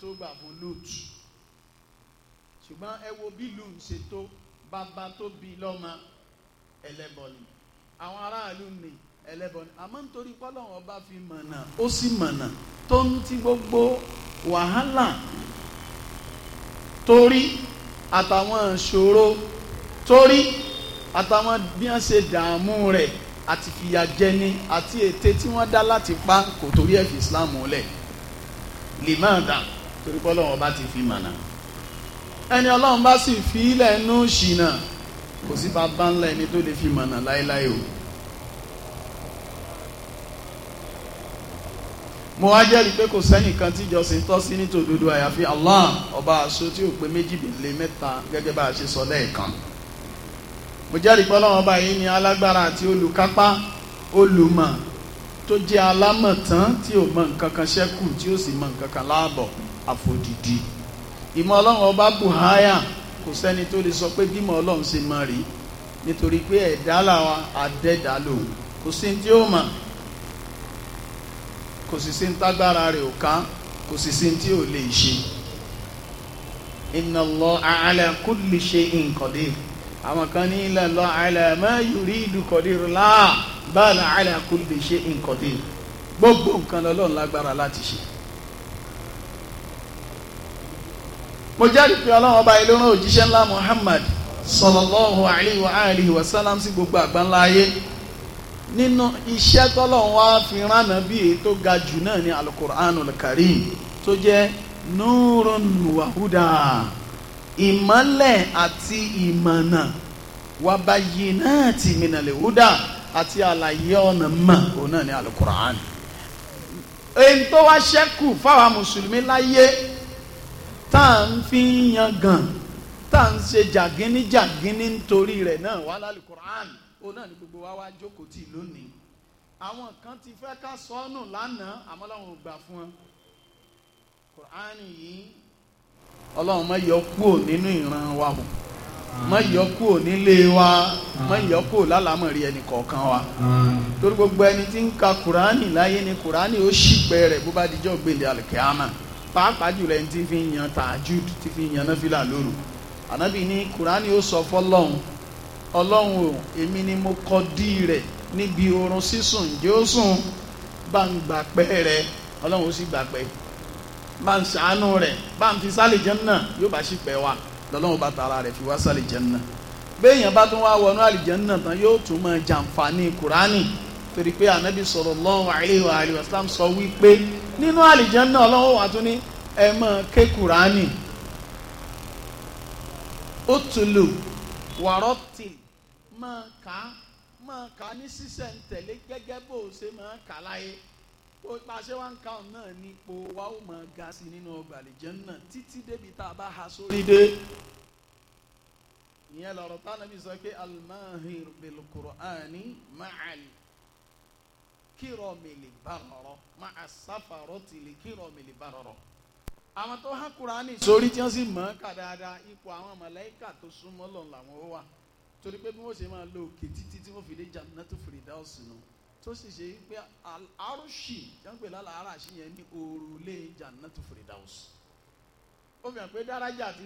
tó gbà fún Lóòtù ṣùgbọ́n ẹ wo bí lù ń ṣe tó bàbá tó bí lọ́mọ ẹlẹ́bọ ni àwọn aráàlú ni ẹlẹ́bọ ni àmọ́ nítorí pọ́lọ́wọ́n ọba fi mọ̀nà ó sì mọ̀nà tó ń ti gbogbo wàhálà torí àtàwọn ìṣòro torí àtàwọn bí wọ́n ṣe dààmú rẹ̀ àti fìyà jẹni àti ète tí wọ́n dá láti pa kò torí ẹ̀ Islam múlẹ̀ lè máa dààmú torí pé ọlọ́run ọba ti fi mànà ẹni ọlọ́run bá sì fi ilẹ̀ inú ṣìnà kò sí bàbá ńlá ẹni tó lè fi mànà láéláé o. mo wá jẹ́rìí pé kò sẹ́nìkan tí ìjọsìn tọ́ sí nítòdodo àyàfi Allah ọba àṣọ tí ò pé méjì lé mẹ́ta gẹ́gẹ́ bá a ṣe sọ lẹ́ẹ̀kan mo jẹ́rìí pé ọlọ́run ọba yìí ni alágbára àti olùkápá olùmọ̀ tó jẹ́ alámọ̀tán tí ò mọ nǹkan kan ṣẹ́kù tí ó sì mọ nǹkan kan láàbọ̀ àfòdìdì ìmọ̀ ọlọ́run ọba buhaya kò sẹ́ni tó lè sọ pé bímọ ọlọ́run ṣe máa rí nítorí pé ẹ̀dá làwọn àdẹ́dà lòun kò sí tí ó mà kò sì sí tágbára rẹ̀ ò ká kò sì sí tí ò lè ṣe inna Allaha ala kulli shay'in qadir àwọn kan ní inna Allaha ala ma yuridu qadir la bal ala kulli shay'in qadir gbogbo nǹkan lọ́lọ́run lágbára láti ṣe. mo jẹ́rìí pé ọlọ́run ọba ilé rán òjíṣẹ́ ńlá Muhammad sallallahu alayhi wa alihi wa sallam sí gbogbo àgbáńlá ayé nínú iṣẹ́ tọ́lọ́run wá fi rán Ànábì tó ga jù náà ní alukur'anul karim tó jẹ́ nurun wahuda ìmọ́lẹ̀ àti ìmọ̀nà wabayinati minal huda àti àlàyé ọ̀nà mọ̀ òun náà ní alukur'an èyí tó wá ṣẹ́kù fáwọn mùsùlùmí láyé tá à ń fi ń yan gàn tá à ń ṣe jàgínní jàgínní nítorí rẹ̀ náà wà lálùkùrán òun náà ni gbogbo wa wá jókòó tì lónìí àwọn kan ti fẹ́ ká sọnù lánàá àmọ́ làwọn ò gbà fún wọn kùrán yìí ọlọ́run má yọ kúò nínú ìran wa o má yọ kúò nílé wa má yọ kúò lálàmọ̀rí ẹnì kọ̀ọ̀kan wa torí gbogbo ẹni tí ń ka kùránì láyé ni kùránì ó ṣìpẹ̀ rẹ̀ bó bá dijọ́ gbélé àlùkìyámà pàápàá jùlọ ẹni tí fi ń yan tajud tí fi ń yan náfìlà lóru ànábì ní kùránì ó sọ fọlọ́hún ọlọ́hún o èmi ni mo kọ dí rẹ̀ níbi oorun sísùn ǹjẹ́ ó sùn bá ń gbàpẹ́ rẹ̀ ọlọ́hún ó sì gbàpẹ́ bá ń ṣàánú rẹ̀ bá ń fi sálì jẹ́nnà yóò bá sì pẹ́ wa lọ́lọ́hún bá tara rẹ̀ fi wá sálì jẹ́nnà béèyàn bá tún wá wọnú àlìjẹ́nnà tán yóò tún máa jàǹfààní kùránì torí pé ànábì sallallahu alaihi wa wasallam sọ nínú àlìjẹ́nnà ọlọ́wọ́ wà tún ní ẹ máa ké kùránì ó tùlù wàrọ́tì máa kà á máa kà á ní sísẹ̀ntẹ̀lé gẹ́gẹ́ bó o ṣe máa kà láyé ó bá a wá ń ka ọ̀n náà ní ipò wa ó máa ga sí nínú ọgbà àlìjẹ́nnà títí débi tá a bá ha sórí dé ìyẹn lọ́rọ̀ tá a nàbí sọ pé almahir bil qur'ani ma'al kírọ̀mìlì bàrọ̀rọ̀ máa sáfàrọ̀ tìlì kírọ̀mìlì bàrọ̀rọ̀. àwọn tó há kúránì sórí tí sì mọ ipò àwọn màláíkà tó súnmọ́ lọ làwọn ó wà torí pé bí wọ́n ṣe máa lo òkè títí tí wọ́n fi dé Jannatu Firdaus nù tó sì ṣe pé yẹn ní òrùlé ó fi hàn pé dárájà ń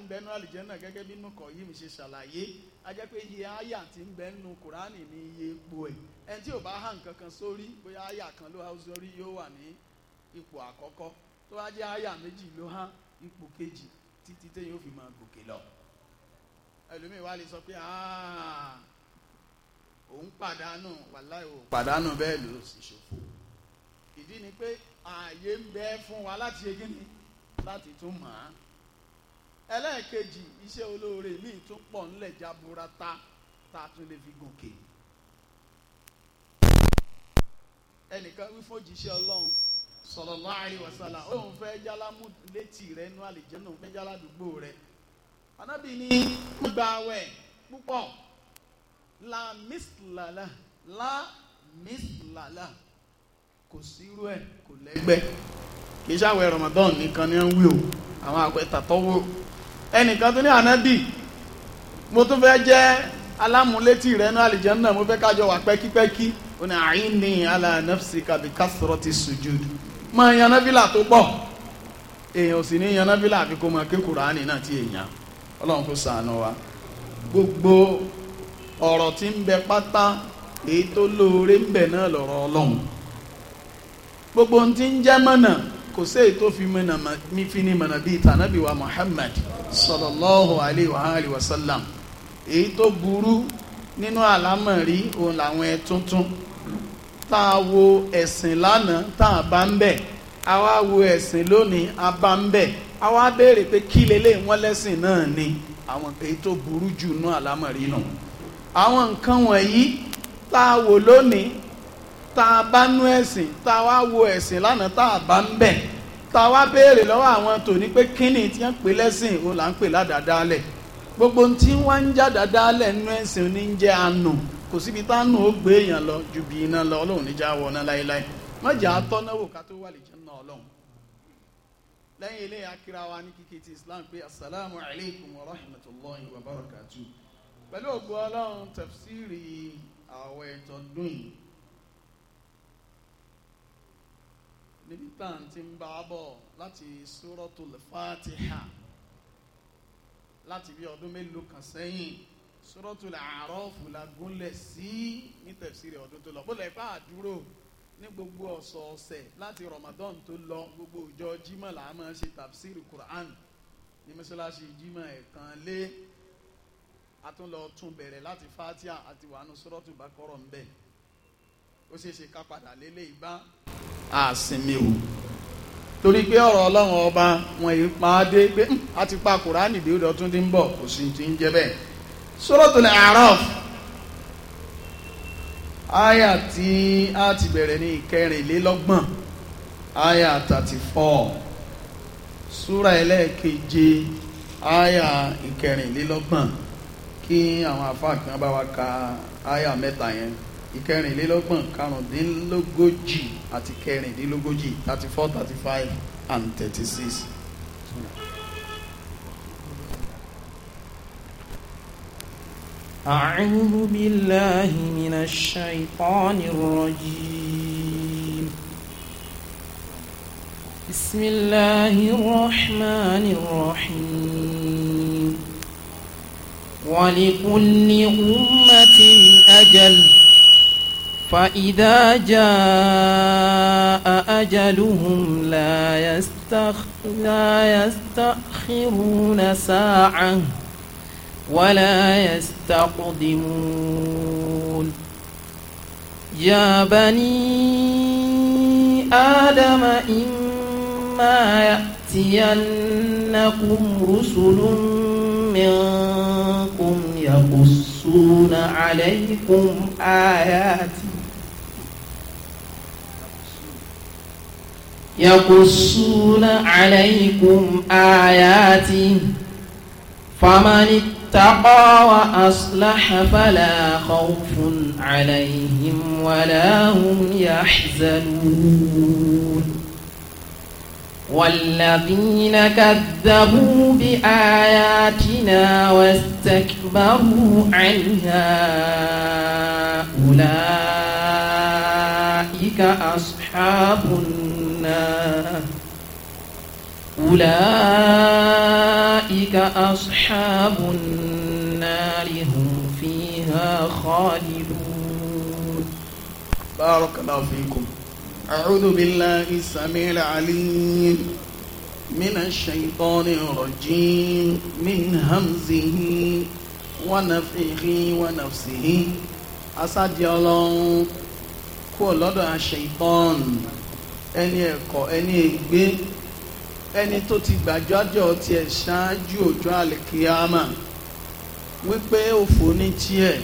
gẹ́gẹ́ ẹni tí ò bá há nǹkan kan sórí bóyá àyà kan ló há sórí yóò wà ní ipò àkọ́kọ́ tó bá jẹ́ àyà méjì ló há ipò kejì títí téyàn ó fi máa gòkè lọ ẹlòmíì wá lè sọ pé òun pàdánù wàláì òun pàdánù bẹ́ẹ̀ ló sì ṣòfò ìdí ni pé ààyè ń bẹ fún wa láti ṣe kí láti tún mọ̀ á ẹlẹ́ẹ̀kejì iṣẹ́ olóore míì tún pọ̀ ńlẹ̀ jaburata tá a tún lè fi gòkè. ẹnìkan wí fún òjíṣẹ́ ọlọ́run sallallahu alaihi wasallam òun fẹ́ jálámù létí rẹ̀ nú àlìjẹ́nà òun fẹ́ jáládùúgbò rẹ̀ anábì ní gbà wẹ̀ púpọ̀ la mislala la mislala kò sírú ẹ̀ kò lẹ́gbẹ́ kì í ṣàwẹ̀ Ramadan nìkan ni ó ń wí o àwọn àwẹ̀ tàtọ́wọ́ ẹnìkan tó ní anábì mo tún fẹ́ jẹ́ alámúlétí rẹ̀ nú àlìjẹ́nà mo fẹ́ kájọ wà pẹ́kípẹ́kí ó ní àìní ala nafsika bi kasrati sujud máa yanábílà tó pọ̀ èèyàn ò sì ní yanábílà àfi kó máa ké Kùránì náà ti èèyàn ọlọ́run kó ṣàánú wa gbogbo ọ̀rọ̀ tí ń bẹ pátá èyí tó lóore ń bẹ náà lọ́rọ̀ ọlọ́run gbogbo ohun tí ń jẹ́ mọ̀nà kò sí èyí tó fi ní mọ̀nà bíi tànàbíwá Muhammad sallallahu alayhi wa sallam èyí tó burú nínú àlámọ̀rí òun làwọn ẹ tuntun tá a wo ẹ̀sìn lánàá tá a bá ń bẹ̀ a wá wo ẹ̀sìn lónìí a bá ń bẹ̀ a wá béèrè pé kí lélẹ̀ wọ́n lẹ́sìn náà ni àwọn èyí tó burú jù nú àlámọ̀rí nù àwọn nǹkan wọ̀nyí tá a wò lónìí tá a bá nú ẹ̀sìn tá a wá wo ẹ̀sìn lánàá tá a bá ń bẹ̀ tá a wá béèrè lọ́wọ́ àwọn tòní pé kíni tí wọ́n pè lẹ́sìn òun là ń pè ládàá dálẹ̀ gbogbo tí wọ́n ń já dáadáa lẹ́nu ẹ̀sìn ní jẹ́ àánú kò síbi tánù ó gbé èèyàn lọ ju bí iná lọ ọlọ́run níjà wọ̀ náà láéláé mọ̀jà tọ́náwó ká tó wà lè jẹ́ náà ọlọ́run lẹ́yìn ilé akira ní kíkí ti islam pé asalaamu alaykum wa rahmatulahi wa barakatu pẹ̀lú ògbó ọlọ́run tafsiri àwẹ̀ ìtọ́dún yìí níbi tá à ń ti ń bá a bọ̀ láti suratul fatiha láti bí ọdún mélòó kan sẹ́yìn suratul A'raf la gúnlẹ̀ sí ní tafsiri ọdún tó lọ bó lè pa àdúrò ní gbogbo ọ̀sọ̀ọ̀sẹ̀ láti Ramadan tó lọ gbogbo ọjọ́ Jímọ̀ là á máa ṣe tafsiri Qur'an ní mọ́ṣáláṣí Jímọ̀ ẹ̀kan lé àtúnlọ tún bẹ̀rẹ̀ láti Fatiha àti wàánu suratul Baqara ń bẹ̀ ó ṣeé ṣe ká padà lélẹ́yìí bá àsinmi o torí pé ọ̀rọ̀ ọlọ́run ọba wọn yìí máa dé pé hmm, a ti pa kùránì bí ọdọ tún ti ń bọ̀ kò sí ti ń jẹ bẹ́ẹ̀ Suratul A'raf àyà tí a ti bẹ̀rẹ̀ ní ìkẹrìnlélọ́gbọ̀n àyà thirty four súra ẹlẹ́ẹ̀keje àyà ìkẹrìnlélọ́gbọ̀n kí àwọn afáàkì wọn bá wa ka àyà mẹ́ta yẹn ìkẹrìnlélọ́gbọ̀n karùndínlógójì àti kẹrìndínlógójì thirty four thirty five and thirty six. أعوذ بالله من الشيطان الرجيم بسم الله الرحمن الرحيم ولكل أمة أجل فإذا جاء أجلهم لا, يستخ... لا يستأخرون ساعة ولا يستقدمون يا بني آدم إما يأتينكم رسل منكم يقصون عليكم آياتي يقصون عليكم آياتي فمن اتقى وأصلح فلا خوف عليهم ولا هم يحزنون والذين كذبوا بآياتنا واستكبروا عنها أولئك أصحاب النار أولئك أصحاب النار هم فيها خالدون بارك الله فيكم أعوذ بالله السميع العليم من الشيطان الرجيم من همزه ونفخه ونفسه أسعد يا الله كل هذا الشيطان ẹni ẹ̀kọ́ ẹni ègbé ẹni tó ti gbàjọ́jọ́ tiẹ̀ ṣáájú ọjọ́ àlìkíyàmà wípé òfò ní tiẹ̀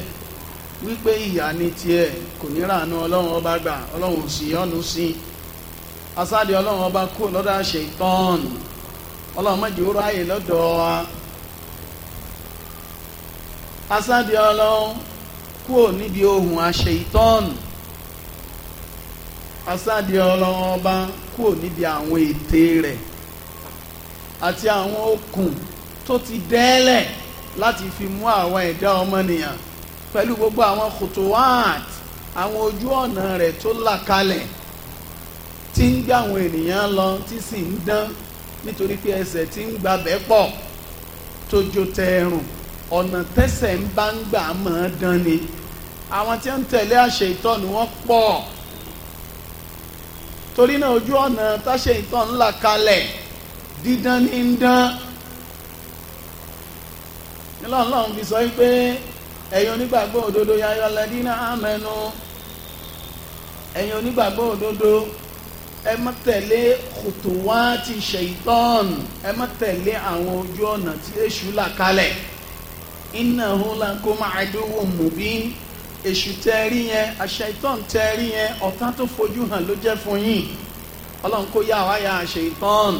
wípé ìyà ní tiẹ̀ kò ní ràánú ọlọ́run ọba gbà ọlọ́run sì yọ́nú sí i asáde ọlọ́run ọba kú lọ́dọ̀ àṣẹ ìtọ́ọ̀nù ọlọ́run mọ̀jẹ̀ ó ráyè lọ́dọ̀ wa asáde ọlọ́run kú níbi ohun àṣẹ ìtọ́ọ̀nù asáde ọlọ́run ọba kúrò níbi àwọn ète rẹ̀ àti àwọn okùn tó ti dẹ́lẹ̀ láti fi mú àwọn ẹ̀dá ọmọnìyàn pẹ̀lú gbogbo àwọn kòtòwáàt àwọn ojú ọ̀nà rẹ̀ tó là kalẹ̀ tí ń gbé àwọn ènìyàn lọ tí sì ń dán nítorí pé ẹsẹ̀ tí ń gbabẹ́ pọ̀ tó jó tẹrùn ọ̀nà tẹ́sẹ̀ ń bá ń gbà mọ́ dán ni àwọn tí ń tẹ̀lé àṣẹ ìtọ́ni wọ́n pọ̀ torí náà ojú ọ̀nà táṣe ìtàn ńlá kalẹ̀ dídán ní ń dán nílọ́ọ̀lọ́hún fi sọ pé ẹ̀yin onígbàgbọ́ òdodo yayọ lẹ́dínà àmẹ́nu ẹ̀yin onígbàgbọ́ òdodo ẹ má tẹ̀lé kòtò wá ti ṣèyítọ́ọ̀n ẹ má tẹ̀lé àwọn ojú ọ̀nà tí èṣù là kalẹ̀ innahu lakum aduwwun mubin. èṣù tẹ ẹ rí yẹn àṣẹ̀tàn tẹ ẹ rí yẹn ọ̀tá tó fojú hàn ló jẹ́ fún yín ọlọ́run kó yá wá ya àṣẹ̀tàn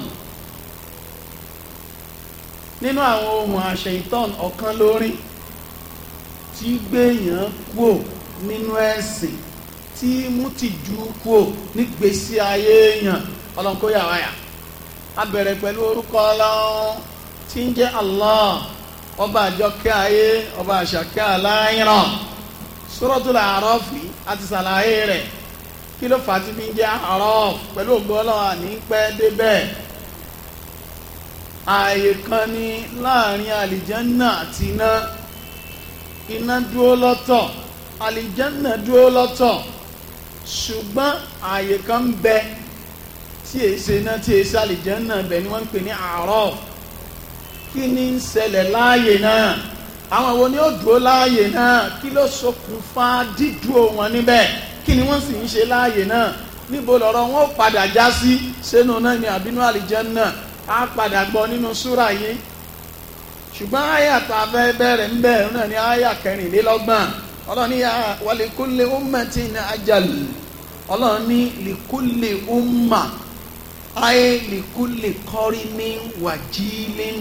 nínú àwọn ohun àṣẹ̀tàn ọ̀kan lórí tí gbèyàn kúò nínú ẹ̀sìn tí mú tìjú kúò nígbèésí ayé èèyàn ọlọ́run kó yá wá ya a bẹ̀rẹ̀ pẹ̀lú orúkọ ọlọ́run tí ń jẹ́ Allah ọba àjọkẹ́ ayé ọba àṣàkẹ́ aláìràn. Suratul A'raf àti sàlàyé rẹ̀ kí ló fà á ti fi ń jẹ́ A'raf pẹ̀lú ògbó ọlọ́wà ní pẹ́ débẹ̀ ààyè kan ní láàrin àlìjánná àti iná iná dúró lọ́tọ̀ àlìjánná dúró lọ́tọ̀ ṣùgbọ́n ààyè kan ń bẹ tí èsè iná tí èsè àlìjánná bẹ̀ ni wọ́n ń pè ní A'raf kí ni ń ṣẹlẹ̀ láàyè náà àwọn wo ni ó dúró láàyè náà kí ló ṣokùnfà dídúró wọn níbẹ̀ kí ni wọ́n sì ń ṣe láàyè náà níbo lọ̀rọ̀ wọn ó padà já sí sínú náà ni àbínú àlìjánnà á padà gbọ́ nínú súrà yìí ṣùgbọ́n àyà tá a fẹ́ bẹ̀rẹ̀ ń bẹ̀ náà ni àyà kẹrìnlélọ́gbọ̀n ọlọ́ni wàlíkúlẹ̀ ọmọtí ní ajálù ọlọ́ni lìkúlẹ̀ ọmọ ayé lìkúlẹ̀ kọ́rí ní wàjílẹ̀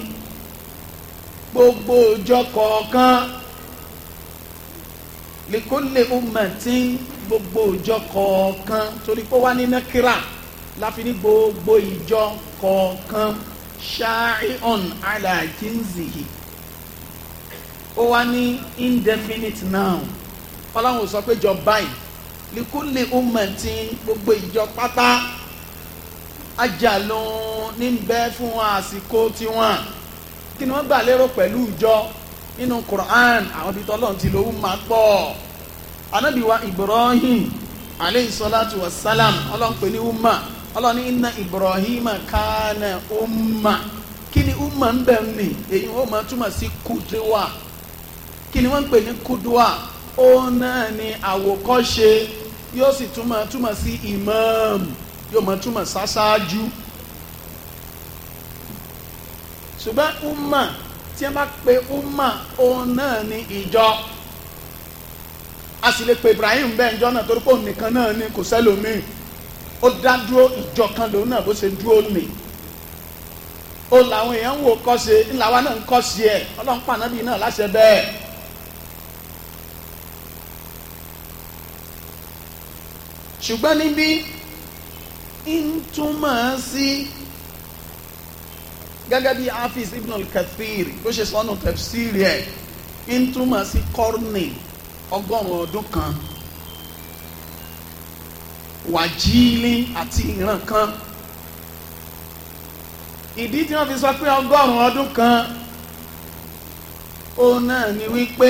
gbogbo ọjọ́ kọ̀ọ̀kan likole umati gbogbo ọjọ́ kọ̀ọ̀kan torí pé wá ní nakira láfi ní gbogbo ìjọ kọ̀ọ̀kan sha'i'un ala jinzihi ó wá ní indefinite now. ọlọ́run sọ pé jọ báyìí likule umati gbogbo ìjọ pátá ajalun ní bẹ́ẹ̀ fún àsìkò tiwọn kí ni wọ́n gbà lérò pẹ̀lú ìjọ nínú Quran àwọn ibi tọ́lọ́run ti lówó máa pọ̀ anábì wa Ibrahim aleyhi salatu wa salam ọlọ́run pè ní umma ọlọ́run ní inna Ibrahim kana umma kí ni umma ń bẹ̀ ní èyí ó máa túmọ̀ sí kudwa kí ni wọ́n ń pè ní kudwa ó náà ni àwòkọ́ṣe yóò sì túmọ̀ túmọ̀ sí imam yóò máa túmọ̀ sáṣáájú. Si ṣùgbọ́n umma tí a bá pe umma òun náà ní ìjọ a sì lè pe Ibrahim bẹ́ẹ̀ njọ́ náà torí pé òun nìkan náà ni kò sẹ́lòmíì ó dá dúró ìjọ kan lòun náà bó ṣe dúró nì ó làwọn èèyàn ń wò kọ́ ṣe ńlá wa náà ń kọ́ ṣe ẹ̀ ọlọ́run pànábì náà láṣẹ bẹ́ẹ̀. ṣùgbọ́n níbí ń túmọ̀ sí. Si, gẹ́gẹ́ bí hafiz ibn al-kathir ló ṣe sọ́nù tafsiri ẹ̀ ń túmọ̀ sí kọ́rnì ọgọ́rùn-ún ọdún kan wàjílì àti ìran kan ìdí tí wọ́n fi sọ pé ọgọ́rùn-ún ọdún kan òun náà ni wípé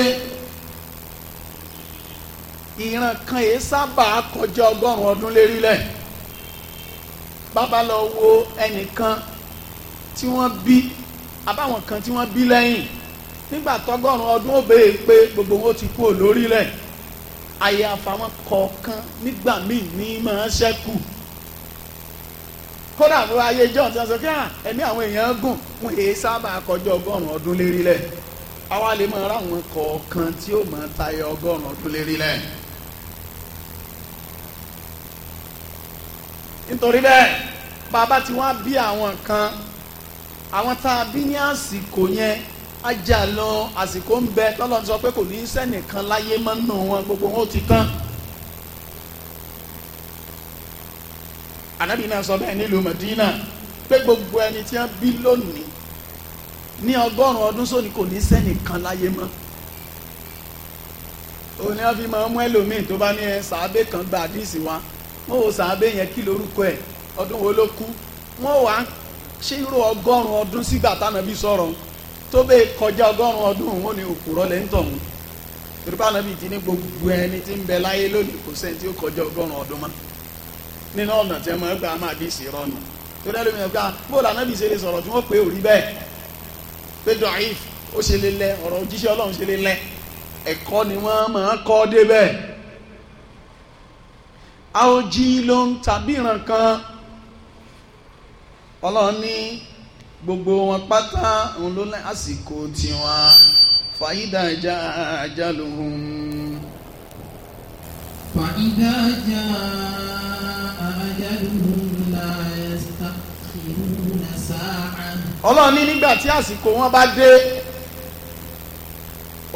ìran kan èé sábà kọjá ọgọ́rùn-ún ọdún lérílẹ̀ bàbá wo ẹnìkan tí wọ́n bí abáwọn kan tí wọ́n bí lẹ́yìn nígbà tọ́gọ́rùn ọdún ó béèrè pé gbogbo wọn ti kú lórílẹ̀ àyàfà wọn kọ̀ọ̀kan nígbà míì ní máa ṣẹ́kù kódà fún ayé john sọ pé ah, ẹ̀mí àwọn èèyàn gùn wọn èé sábà kọjá ọgọ́rùn ọdún lérílẹ̀ àwa lè máa ráwọn kọ̀ọ̀kan tí ó máa tayọ ọgọ́rùn ọdún lérílẹ̀. nítorí bẹ́ẹ̀ bàbá tí wọ́n bí àwọn kan àwọn tá a bí ní àsìkò yẹn ajá lọ àsìkò ń bẹ tọ́lọ́ sọ pé kò ní í sẹ́nìkan láyé mọ́ nù wọn gbogbo wọn ó ti tán. ànábì náà sọ bẹ́ẹ̀ nílùú Madina pé gbogbo ẹni tí wọ́n bí lónìí ní ọgọ́rùn-ún ọdún sóni kò ní í sẹ́nìkan láyé mọ́ òun ni wọ́n fi máa mú ẹlòmíì tó bá ní ẹ sàábé kan gba àdíìsì wa wọ́n ò sàábé yẹn kí lórúkọ ẹ̀ ọdún wo ló kú wọ́n wà á ṣé irú ọgọ́rùn ọdún sígbà tánàbí sọ̀rọ̀ tó bẹ́ẹ̀ kọjá ọgọ́rùn ọdún òun ni òkúrọ́ lẹ́ tọ̀hún torí ti ní gbogbo ẹni tí ń bẹ láyé lónìí kò sẹ́ni tí ó kọjá ọgọ́rùn ọdún mọ́ nínú ọ̀nà tí wọ́n ṣe lè sọ̀rọ̀ bẹ́ẹ̀ pé ni ọlọ́run ní gbogbo wọn pátá òun ló ní àsìkò tiwọn fàyídà ajá ajá lòun. fàyídà ajá ajá lòun la ẹ̀sítà kìlúùnà sáà. ọlọ́run ní nígbà tí àsìkò wọn bá dé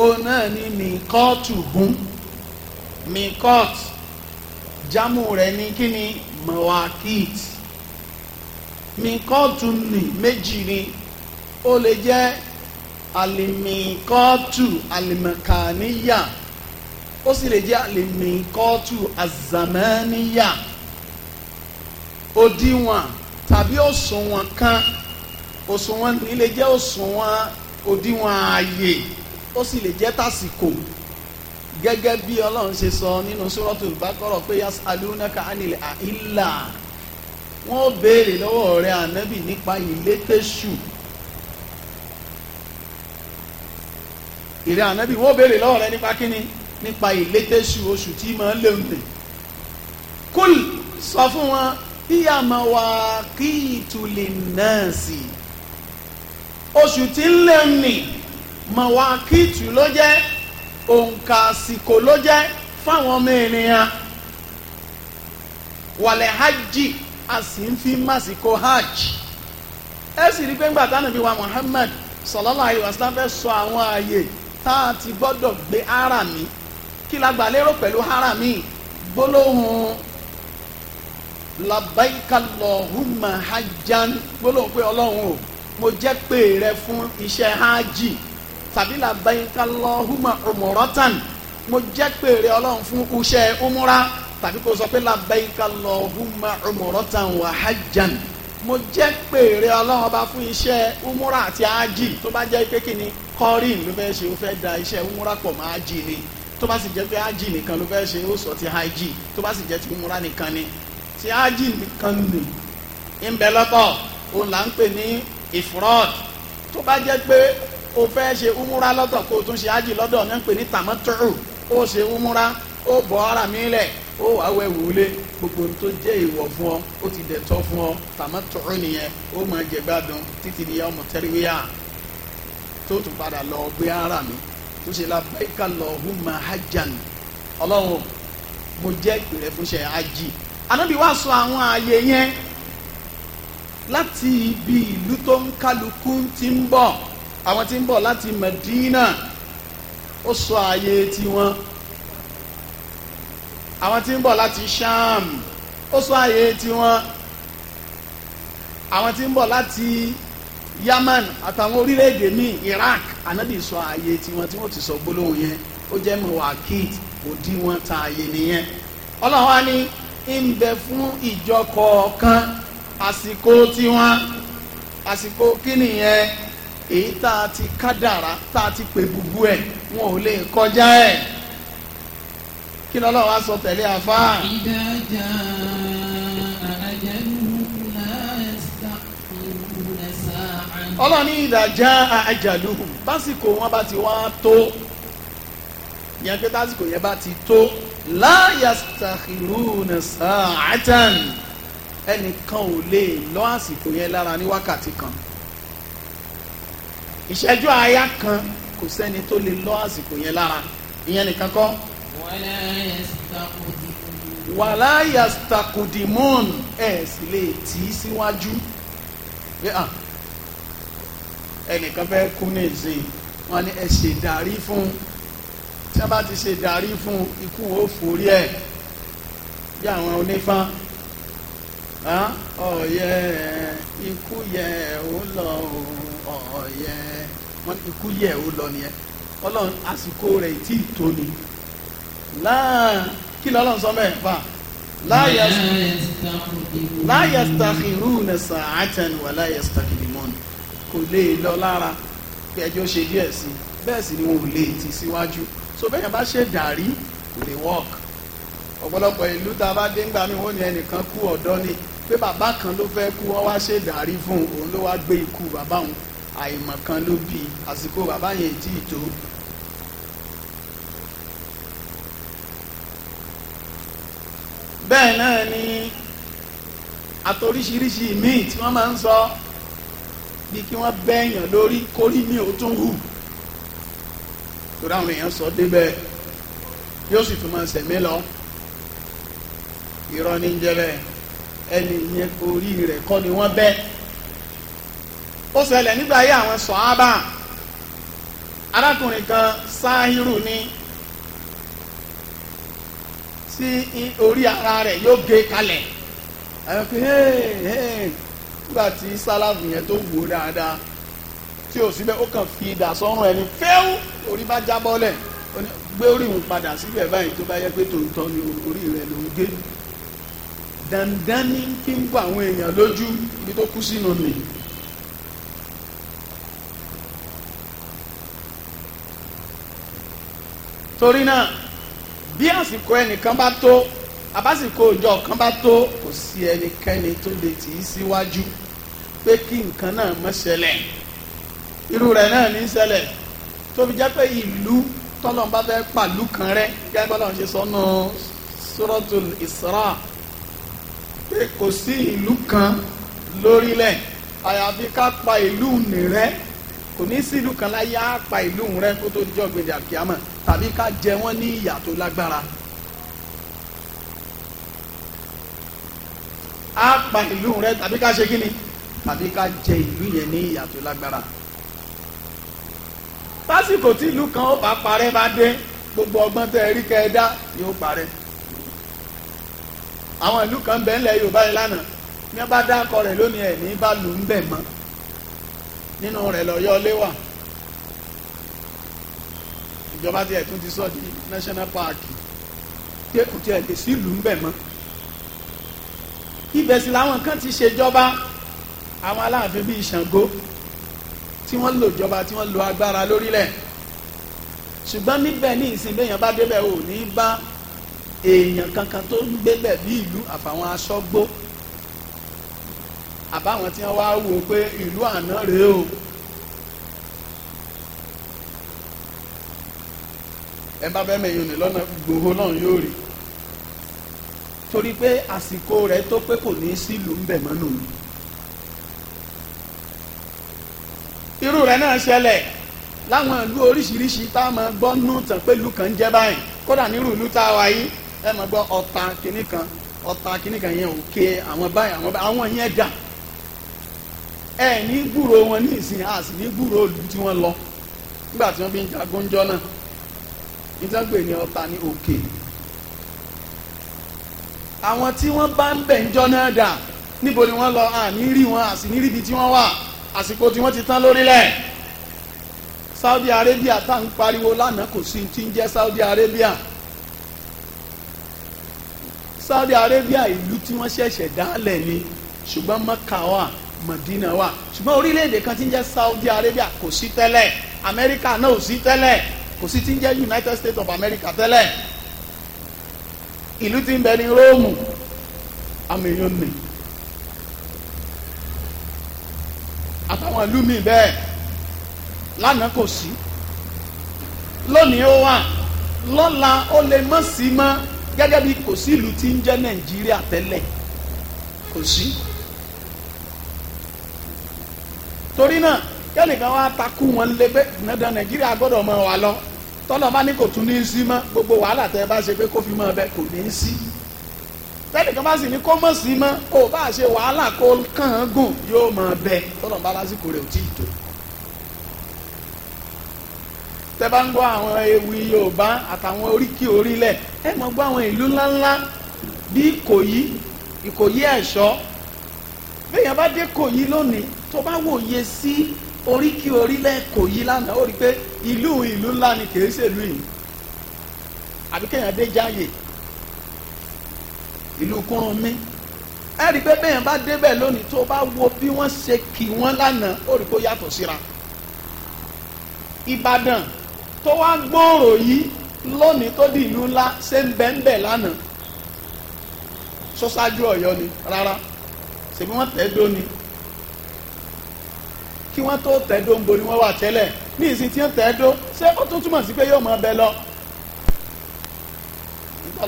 òun náà ní mìkọ́ọ̀tù gún mìkọ́ọ̀tù jámù rẹ̀ ní kíni mọ̀wákìtì mikọ́ọ̀tù nì méjì ni ó lè jẹ́ alimikọ́ọ̀tù alimẹ̀kàníyà ó sì lè jẹ́ alimikọ́ọ̀tù azamẹ́níyà òdiwọ̀n tàbí òṣùwọ̀n kan òṣùwọ̀n ní lè jẹ́ òṣùwọ̀n òdiwọ̀n ààyè ó sì lè jẹ́ tásìkò gẹ́gẹ́ bí ọlọ́run ṣe sọ nínú suratul Baqara pé yasalunaka anil ahilla wọ́n béèrè lọ́wọ́ rẹ̀ ànábì nípa ìlétésù ìrẹ́ ànábì wọ́n béèrè lọ́wọ́ rẹ̀ nípa kíni nípa ìlétésù oṣù tí máa ń léwu nì kúl sọ fún wọn ìyàmọ̀ wà kí ìtùlẹ̀ náà sì oṣù tí ń léwu nì mọ̀ wà kí ìtù ló jẹ́ òǹkà àsìkò ló jẹ́ fáwọn ọmọ ènìyàn wàlẹ̀ hajj a sì ń fi màsìkò hajj ẹ sì rí pé ńgbà tánà bí wa Muhammad sallallahu alaihi wasallam fẹ́ sọ àwọn ààyè tá a ti gbọ́dọ̀ gbé harami kí la gbà lérò pẹ̀lú harami gbólóhùn labbaika Allahumma hajjan gbólóhùn pé ọlọ́run o mo jẹ́ pé rẹ fún iṣẹ́ hajj tàbí labbaika Allahumma umratan mo jẹ́ pé rẹ ọlọ́run fún iṣẹ́ umra tàbí kó sọ pé labbaika Allahumma umratan wa hajjan mo jẹ́ pèrè ọlọ́run ọba fún iṣẹ́ umura àti ají tó bá jẹ́ pé kí ni kọ́rin ló fẹ́ ṣe ó fẹ́ da iṣẹ́ umura pọ̀ mọ́ ají ni tó bá sì jẹ́ pé ají nìkan ló fẹ́ ṣe ó sọ ti ají tó bá sì jẹ́ ti umura nìkan ni ti ají nìkan ni ń bẹ òun là ń pè ní ifrod tó bá jẹ́ pé o fẹ́ ṣe umura lọ́tọ̀ kó o tún ṣe ají lọ́dọ̀ ní ń pè ní tamattu ó ṣe umura ó bọ́ ara mi lẹ̀ ó wàá wẹ̀ wúlé gbogbo tó jẹ́ ìwọ̀ fún ọ ó ti dẹ̀ tọ́ fún ọ tàmọ́ tọ̀rọ̀ nìyẹn ó máa jẹ gbádùn títí di ọmọ tẹ́ríwíyà tó tún padà lọ gbé ara mi tó ṣe la bẹ́ẹ̀ka lọ húnmá hajjan ọlọ́run mo jẹ́ ìpìlẹ̀ fúnṣẹ́ ají anábì wá sọ àwọn ààyè yẹn láti ibi ìlú tó ń kálukú ti ń bọ̀ àwọn ti ń bọ̀ láti Medina ó sọ ààyè tiwọn àwọn tí ń bọ̀ láti sham ó sọ àyè tiwọn àwọn tí ń bọ̀ láti yaman àtàwọn orílẹ̀-èdè míì iraq ànábì sọ àyè tiwọn tí wọ́n ti sọ gbólóhùn yẹn ó jẹ́ mọ̀wákìt òdiwọ̀n ta àyè nìyẹn ọlọ́run á ní ń bẹ fún ìjọ kọ̀ọ̀kan àsìkò tiwọn àsìkò kíni yẹn èyí tá a ti kádàrá tá a ti pè gbogbo ẹ̀ wọn ò lè kọjá ẹ̀ kí lọ́lọ́ wa sọ tẹ̀lé àfa. ìdájà àjálùhùn láyẹ̀sà ìrùnẹ̀sà. ọlọ́ni ìdájà àjálùhùn tásìkò wọn bá ti wá tó yẹn pé tásìkò yẹn bá ti tó láyẹ̀sà ìrùnẹ̀sà àtàn ẹnìkan ò lè lọ àsìkò yẹn lára ní wákàtí kan ìṣẹ́jú àáyá kan kò sẹ́ni tó lè lọ àsìkò yẹn lára ìyẹn nìkan kọ́ wàlá yastakudimon ẹ̀ sì lè tì í síwájú ah, ẹnìkan fẹ́ kú ní ìsìn wọn ni ẹ ṣèdarí fún tí a bá ti ṣèdarí fún ikú ó forí ẹ̀ bí àwọn onífá ah, ọ̀yẹ́ ikú yẹ ó lọ ọ̀yẹ́ ikú yẹ ó lọ nìyẹn ọlọ́run àsìkò rẹ̀ tí tó ni láà kí lọ́lọ́ sọ bẹ́ẹ̀ fà láyà sàkìrù nà sàátàn wà láyà sàkìrì mọ́n kò lè lọ lára pé ẹjọ́ ṣe díẹ̀ sí bẹ́ẹ̀ sì ni wọn ò lè ti síwájú so bẹ́ẹ̀ bá ṣe dàrí kò lè work ọ̀pọ̀lọpọ̀ ìlú tá a bá dé ńgbà mi wọ́n ní ẹnìkan kú ọ̀dọ́ ni pé bàbá kan ló fẹ́ kú wọ́n wá ṣe dàrí fún òun ló wá gbé ikú bàbá òun àìmọ̀kan ló bí àsìkò bàbá yẹn tí ì tó bẹ́ẹ̀ náà ni àtòríṣiríṣi míì tí wọ́n máa ń sọ bí kí wọ́n bẹ́ẹ̀yàn lórí kórí ní òtún hù torí àwọn èèyàn sọ débẹ̀ yóò sì tún máa sẹ̀mí lọ irọ́ ní jẹ́bẹ̀ ẹni yẹn orí rẹ̀ kọ́ ni wọ́n bẹ́ ó ṣẹlẹ̀ nígbà yẹ àwọn sọ̀hábà arákùnrin kan sáhírù ni sí orí ara rẹ̀ yóò gé kalẹ̀ àwọn pé nígbà tí sálàfù yẹn tó wò dáadáa tí ò síbẹ̀ ó kàn fi idà sọ́rùn ẹni fẹ́ù orí bá jábọ́lẹ̀ gbé orí òun padà síbẹ̀ báyìí tó bá yẹ pé tòótọ́ ni orí rẹ̀ ló ń gbé dandan ní kí n bọ àwọn èèyàn lójú ibi tó kú sínú nìyí. torí náà bí àsìkò ẹnìkan bá tó àbásìkò òjò kan bá tó kò sí ẹnikẹ́ni tó lè tì í síwájú pé kí nǹkan náà má ṣẹlẹ̀ irú rẹ̀ náà ní ṣẹlẹ̀ tóbi jẹ́ pé ìlú tọ́lọ́n bá fẹ́ pàlú kan rẹ́ gẹ́gẹ́ bọ́lá ń ṣe sọ́nù Suratul Isra pé kò sí ìlú kan lórílẹ̀ àyàfi ká pa ìlú nì rẹ́ kò ní sí ìlú kan láyé á pa ìlú rẹ́ kó tó dijọ́ gbèdé àkíyàmọ̀ tàbí ká jẹ wọ́n ní ìyà tó lágbára. á pa ìlú rẹ tàbí ká ṣe kíni tàbí ká jẹ ìlú yẹn ní ìyà tó lágbára. tásìkò tí ìlú kan ó bá parẹ́ bá dé gbogbo ọgbọ́n tẹ́ ẹ rí kẹ́ ẹ parẹ́. àwọn ìlú kan bẹ́ẹ̀ ńlẹ̀ Yorùbá yìí lánàá ní wọ́n bá dá akọ rẹ̀ lónìí ẹ̀ ní bá lù ú bẹ̀ mọ́ nínú rẹ̀ lọ́yọ́ lé wà ìjọba tiẹ̀ tún ti sọ di national park tí kò tiẹ̀ lè sílùú ń bẹ̀ mọ́ ibẹ̀ sì làwọn kan ti ṣèjọba àwọn aláàfin bíi Ṣàngó tí wọ́n lò jọba tí wọ́n lo agbára lórílẹ̀ ṣùgbọ́n níbẹ̀ ní ìsìn bẹ́yàn bá débẹ̀ ò ní bá èèyàn kankan tó ń gbébẹ̀ bí ìlú àfàwọn aṣọ́gbó àbáwọn tí wọ́n wá wò pé ìlú àná rèé o. ẹ bá bẹ́ẹ̀ mẹ́yìn òní lọ́nà gbòho náà yóò rí torí pé àsìkò rẹ̀ tó pé kò ní í sílùú ń bẹ̀ mọ́nù mi irú rẹ̀ náà ṣẹlẹ̀ láwọn ìlú oríṣiríṣi tá a máa gbọ́ nù tàn pé ìlú kan jẹ́ báyìí kódà nírú ìlú tá a wà yìí ẹ máa gbọ́ ọ̀tà kìnnì kan ọ̀tà kìnnì kan yẹn òkè àwọn báyìí àwọn báyìí àwọn yẹn dà ẹ ní gbúròó wọn ní ìsìn àsì ní gbúròó ìlú tí wọ́n lọ nígbà tí wọ́n fi ń jagunjọ́ náà ìtọ́gbè ní ọba ní òkè àwọn tí wọ́n bá ń bẹ̀ ń jọ náà dà níbo ni wọ́n lọ àní rí wọn àsì ní ríbi tí wọ́n wà àsìkò tí wọ́n ti tán lórílẹ̀ Saudi Arabia tá ń pariwo lánàá kò sí ti ń jẹ́ Saudi Arabia Saudi Arabia ìlú tí wọ́n ṣẹ̀ṣẹ̀ dálẹ̀ ni ṣùgbọ́n Maka wà Madina wà ṣùgbọ́n orílẹ̀-èdè kan ti ń jẹ́ Saudi Arabia kò sí tẹ́lẹ̀ Amẹ́ríkà náà ò sí tẹ́lẹ̀ kò sí ti ń jẹ́ United States of America tẹ́lẹ̀ ìlú ti ń bẹ ní Róòmù àmì èèyàn nì àtàwọn ìlú mi bẹ́ẹ̀ lánàá kò sí lónìí ó wà lọ́la ó lè mọ̀ sí mọ́ gẹ́gẹ́ bí kò sí ìlú tí ń jẹ́ Nàìjíríà tẹ́lẹ̀ kò sí torí náà kẹ́nìkan wá takú wọn lé pé Nàìjíríà gbọ́dọ̀ mọ̀ wá lọ tọ́lọ̀ bá ní kò tún ní í sí mọ́ gbogbo wàhálà tẹ́ ẹ bá ṣe pé kó fi mọ́ ọbẹ̀ kò ní í sí tẹ́nìkan bá sì ní kó mọ̀ sí mọ́ kó o bá ṣe wàhálà kó kàn án gùn yóò mọ̀ bẹ́ẹ̀ tọ́lọ̀ bá lásìkò rẹ̀ ò tí ì tó. tẹ́ bá ń gbọ́ àwọn ewì Yorùbá àtàwọn oríkì orílẹ̀ ẹ mọ̀ gbọ́ àwọn ìlú ńláńlá bí Ìkòyí Ìkòyí Ẹ̀ṣọ́ bẹ́ẹ̀ yẹn bá dé Ìkòyí lónìí tó bá wòye sí oríkì orílẹ̀ èkó yìí lánàá ó rí i pé ìlú ìlú ńlá ni kì í ṣèlú yìí àbí kéèyàn dé jáyè ìlú kúrúnmí ẹ rí i pé bẹ́ẹ̀ bá débẹ̀ lónìí tó bá wo bí wọ́n ṣe kì wọ́n lánàá ó rí i pé ó yàtọ̀ síra ìbàdàn tó wá gbòòrò yìí lónìí tó di ìlú ńlá ṣe ń bẹ́ ń bẹ̀ lánàá sọ́sájú ọ̀yọ́ ni rárá ṣèbí wọ́n tẹ̀ dó kí wọ́n tó tẹ̀dó ń bo ni wọ́n wà tẹ́lẹ̀ ní ìsìn tí wọ́n tẹ̀dó ṣé ó tún túmọ̀ sí pé yóò mọ ọbẹ̀ lọ